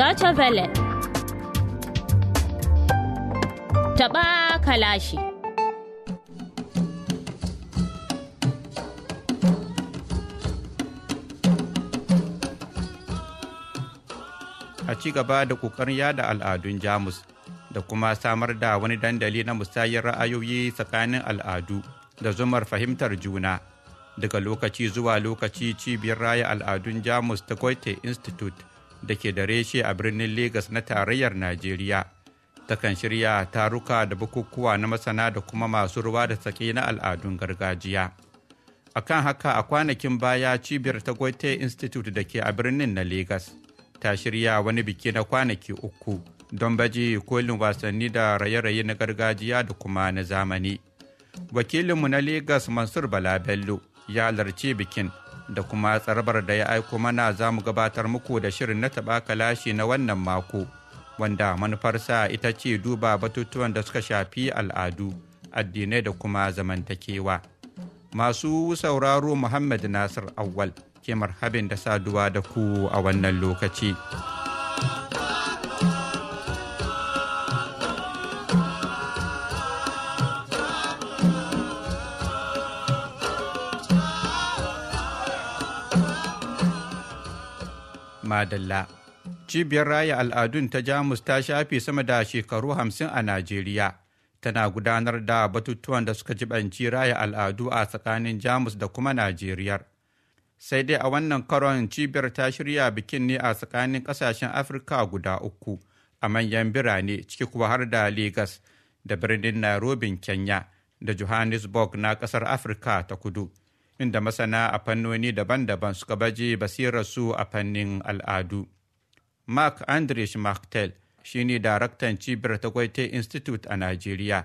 Deutsche Welle. Taɓa kalashi. A ci gaba da ƙoƙarin yada al'adun Jamus da kuma samar da wani dandali na musayar ra'ayoyi tsakanin al'adu da zumar fahimtar juna. Daga lokaci zuwa lokaci cibiyar raya al'adun Jamus ta Goethe Institute da ke da reshe a birnin Legas na tarayyar Najeriya. Takan shirya taruka da bukukuwa na masana da kuma masu ruwa da tsaki na al'adun gargajiya. Akan haka a kwanakin baya cibiyar ta Goethe Institute da ke a birnin na Legas ta shirya wani biki na kwanaki uku don baje kolin wasanni da raye-raye na gargajiya da kuma na zamani. Wakilinmu na Legas Mansur Bala Bello ya larce bikin da kuma tsarbar da ya aiko mana za mu gabatar muku da shirin na taɓa kalashi na wannan mako wanda manufarsa ita ce duba batutuwan da suka shafi al'adu addinai da kuma zamantakewa masu sauraro muhammad nasir awwal ke marhabin da saduwa da ku a wannan lokaci. Madalla. Cibiyar Raya Al'adun ta Jamus ta shafe sama da shekaru hamsin a Najeriya. Tana gudanar da batutuwan da suka jibanci raya al'adu a tsakanin Jamus da kuma Najeriyar. Sai dai a wannan karon cibiyar ta shirya bikin ne a tsakanin ƙasashen Afirka guda uku a manyan birane ciki kuwa har da Legas da birnin Nairobi Kenya da Johannesburg na ƙasar Afirka ta kudu. inda masana a fannoni daban-daban suka baje basirar su a fannin al'adu. Mark Andrish Martel shi ne daraktan cibiyar gwaite Institute a Najeriya.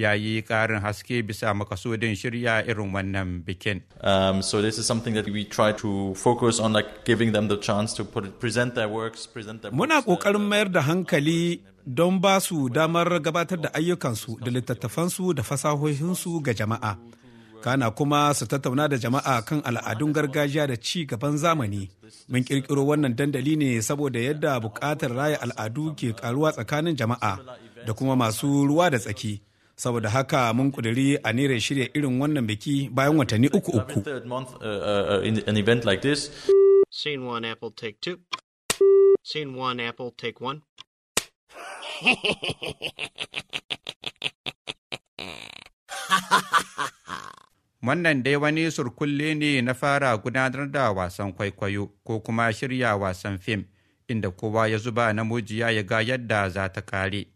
ya yi ƙarin haske bisa makasudin shirya irin wannan bikin. Um, so this is something that we try to focus on like giving them the chance to put, present their works, present their Muna uh, ƙoƙarin mayar da hankali don ba su damar gabatar da ayyukansu da littattafansu da fasahohinsu ga jama'a. kana kuma su tattauna da jama'a kan al'adun gargajiya da ci gaban zamani mun kirkiro wannan dandali ne saboda yadda buƙatar raya al'adu ke karuwa tsakanin jama'a da kuma masu ruwa da tsaki saboda haka mun ƙuduri a nera shirya irin wannan biki bayan watanni uku uku Ha ha ha! Wannan dai wani surkulle ne na fara gudanar da wasan kwaikwayo ko kuma shirya wasan fim inda kowa ya zuba namujiya ya ga yadda za ta kare.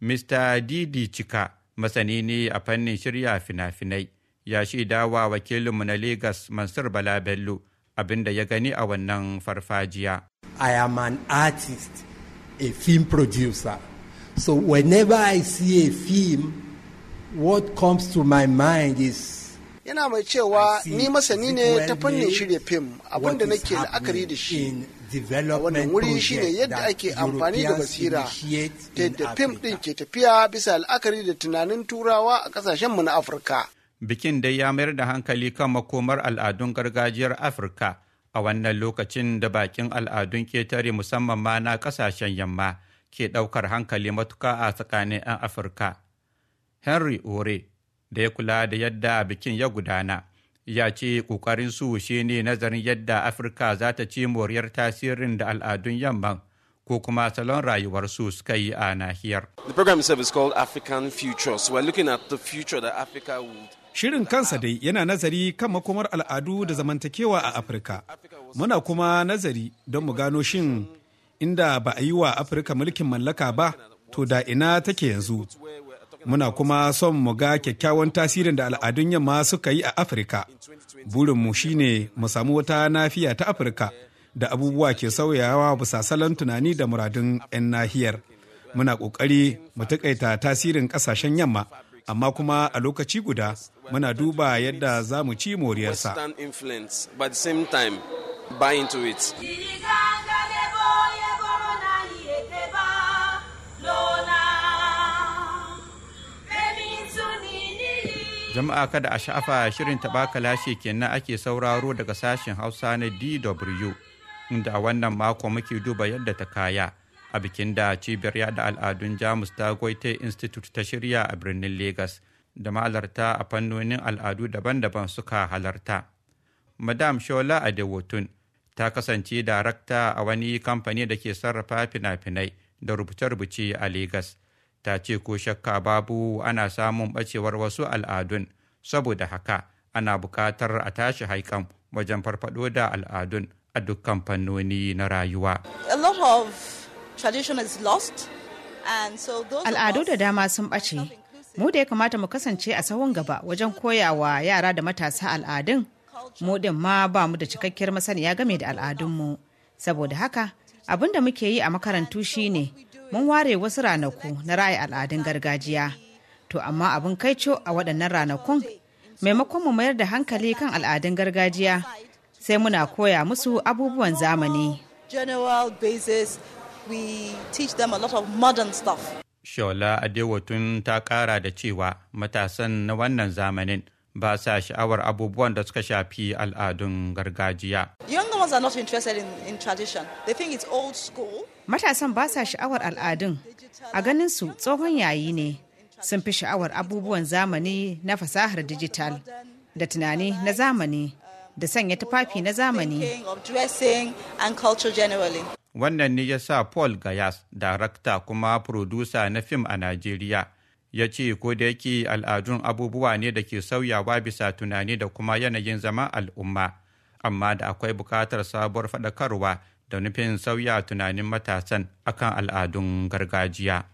Mr. Didi Chika masani ne a fannin shirya fina-finai ya shaida wa wakilinmu na Legas Mansur Bala Bello abinda ya gani a wannan farfajiya. I am an artist, a film producer. So whenever I see a film, what comes to my mind is yana mai cewa ni masani ne ta fannin shirya fim abinda nake la'akari da shi a wannan wuri shine yadda ake amfani da basira ta yadda fim ɗin ke tafiya bisa la'akari da tunanin turawa a mu na afirka bikin dai ya mayar da hankali kan makomar al'adun gargajiyar afirka a wannan lokacin da bakin al'adun ketare musamman ma na ƙasashen yamma ke ɗaukar hankali matuka a tsakanin 'yan afirka henry ore da ya kula da yadda bikin ya gudana ya ce ƙoƙarin su shine nazarin yadda afirka za ta ci moriyar tasirin da al'adun yamman ko kuma salon rayuwar su suka yi a nahiyar. The program itself African Futures. We're Shirin kansa dai yana nazari kan makomar al'adu da zamantakewa a Afirka. Muna kuma nazari don mu gano shin inda ba a yi wa Afirka mulkin mallaka ba, to da ina take yanzu. Muna kuma son mu ga kyakkyawan tasirin da al'adun yamma suka yi a Afirka. Burinmu shine mu samu wata nafiya ta Afirka da abubuwa ke sauyawa bisa salon tunani da muradun 'yan nahiyar. Muna ƙoƙari mu taƙaita tasirin ƙasashen yamma, amma kuma a lokaci guda muna duba yadda za mu ci moriyarsa. Jama'a kada a sha'afa shirin taɓaka lashe kenan ake sauraro daga sashen Hausa na DW inda a wannan mako muke duba yadda ta kaya a bikin da cibiyar yada al'adun Jamus ta gwaita Institute ta shirya a birnin Legas da ma'alarta a fannonin al'adu daban-daban suka halarta. Madam Shola Adewotun ta kasance darakta a wani kamfani da ke sarrafa fina-finai da rubuce-rubuce a Legas. ta ce ko shakka babu ana samun ɓacewar wasu al'adun saboda haka ana bukatar a tashi haikan wajen farfado da al'adun a dukkan fannoni na rayuwa. Al'adu da dama sun ɓace, mu da ya kamata mu kasance a sahun gaba wajen koyawa yara da matasa al'adun, mu din ma ba mu da cikakkiyar masaniya game da al'adunmu. Saboda haka, abin da muke yi a makarantu shine mun ware wasu ranaku na raya al'adun gargajiya to amma abin kaico a waɗannan ranakun maimakon mu mayar da hankali kan al'adun gargajiya sai muna koya musu abubuwan zamani Shola Adewotun ta ƙara da cewa matasan na wannan zamanin ba sa sha'awar abubuwan da suka shafi al'adun gargajiya. ones not interested in, in tradition. They old school. Matasan ba sa sha'awar al'adun. A ganin su tsohon yayi ne. Sun fi sha'awar abubuwan zamani na fasahar dijital da tunani na zamani da sanya tufafi na zamani. Wannan ne ya sa Paul Gayas, darakta kuma furodusa na fim a Najeriya, ya ce ko da yake al'adun abubuwa ne da ke sauyawa bisa tunani da kuma yanayin zama al'umma. amma da akwai buƙatar sabuwar faɗakarwa da nufin sauya tunanin matasan akan al'adun gargajiya.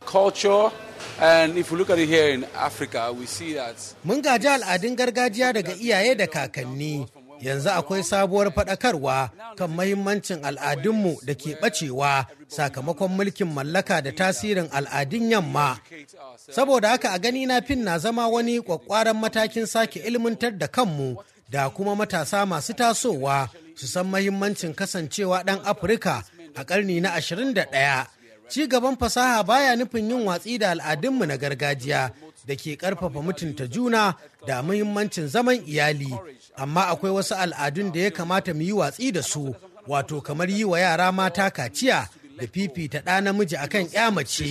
Mun gaji al'adun gargajiya daga iyaye da kakanni. Yanzu akwai sabuwar faɗakarwa kan mahimmancin al'adunmu da ke ɓacewa sakamakon mulkin mallaka da tasirin al'adun yamma. Saboda haka a gani na fin na zama wani ƙwaƙƙwaran matakin sake ilmantar da kanmu da kuma matasa masu tasowa su san mahimmancin kasancewa ɗan Afirka a ƙarni na 21. Ci gaban fasaha baya nufin yin watsi da al'adunmu na gargajiya da ke ƙarfafa mutunta juna da mahimmancin zaman iyali, amma akwai wasu al'adun da ya kamata mu yi watsi da su, wato kamar yi wa yara mata kaciya da fifita ɗa namiji akan ƴa mace.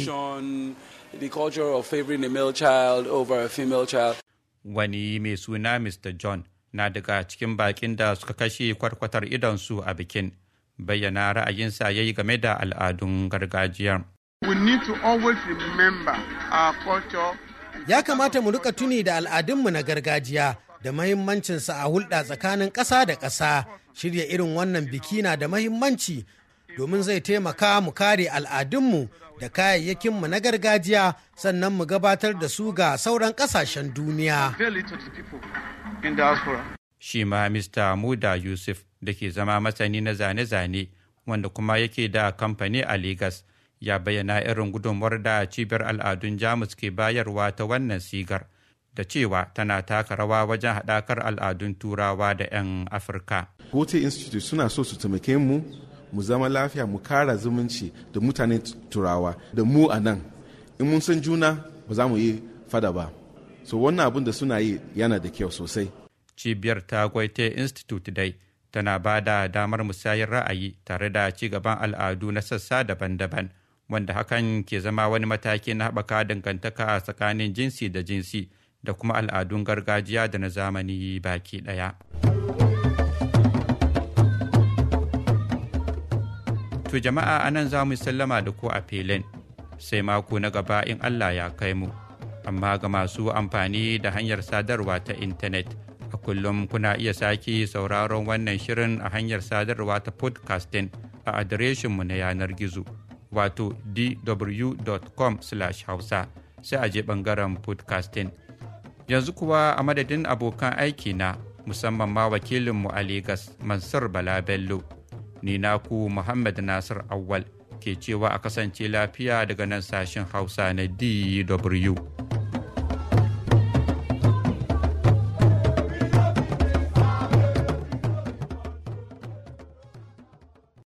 Wani mai suna Mr. John na daga cikin bakin da suka kashe kwarkwatar idonsu a bikin bayyana ra'ayinsa ya yi game da al'adun gargajiya. Ya kamata mu rika tuni da al'adunmu na gargajiya da mahimmancinsa a hulɗa tsakanin ƙasa da ƙasa. Shirya irin wannan biki na da mahimmanci domin zai taimaka mu kare al'adunmu da kayayyakinmu na gargajiya sannan mu gabatar da su ga sauran kasashen duniya. Shi ma Mr. Muda Yusuf da ke zama masani na zane-zane wanda kuma yake da kamfani a Legas ya bayyana irin gudunmuwar da cibiyar al'adun Jamus ke bayarwa ta wannan sigar da cewa tana taka rawa wajen haɗakar al'adun turawa da 'yan Afirka. Gote Institute suna so su taimake mu mu zama lafiya mu kara zumunci da mutane turawa da mu a nan in mun san juna ba za mu yi fada ba so wannan abin da suna yi yana da kyau sosai cibiyar ta gwaite institute dai tana ba da damar musayar ra'ayi tare da ci gaban al'adu na sassa daban-daban wanda hakan ke zama wani mataki na haɓaka dangantaka a tsakanin jinsi da jinsi da kuma al'adun gargajiya da na zamani baki ɗaya. To jama'a anan za mu sallama da ku a filin sai mako na gaba in Allah ya kai mu. Amma ga masu amfani da hanyar sadarwa ta intanet a kullum kuna iya sake sauraron wannan shirin a hanyar sadarwa ta podcasting a adireshinmu na yanar gizo wato dw.com/hausa sai a je bangaren podcasting. Yanzu kuwa a madadin abokan aiki na musamman ma wakilinmu a Legas Mansur Bala Bello ni naku muhammad nasir awwal ke cewa a kasance lafiya daga nan sashen hausa na dw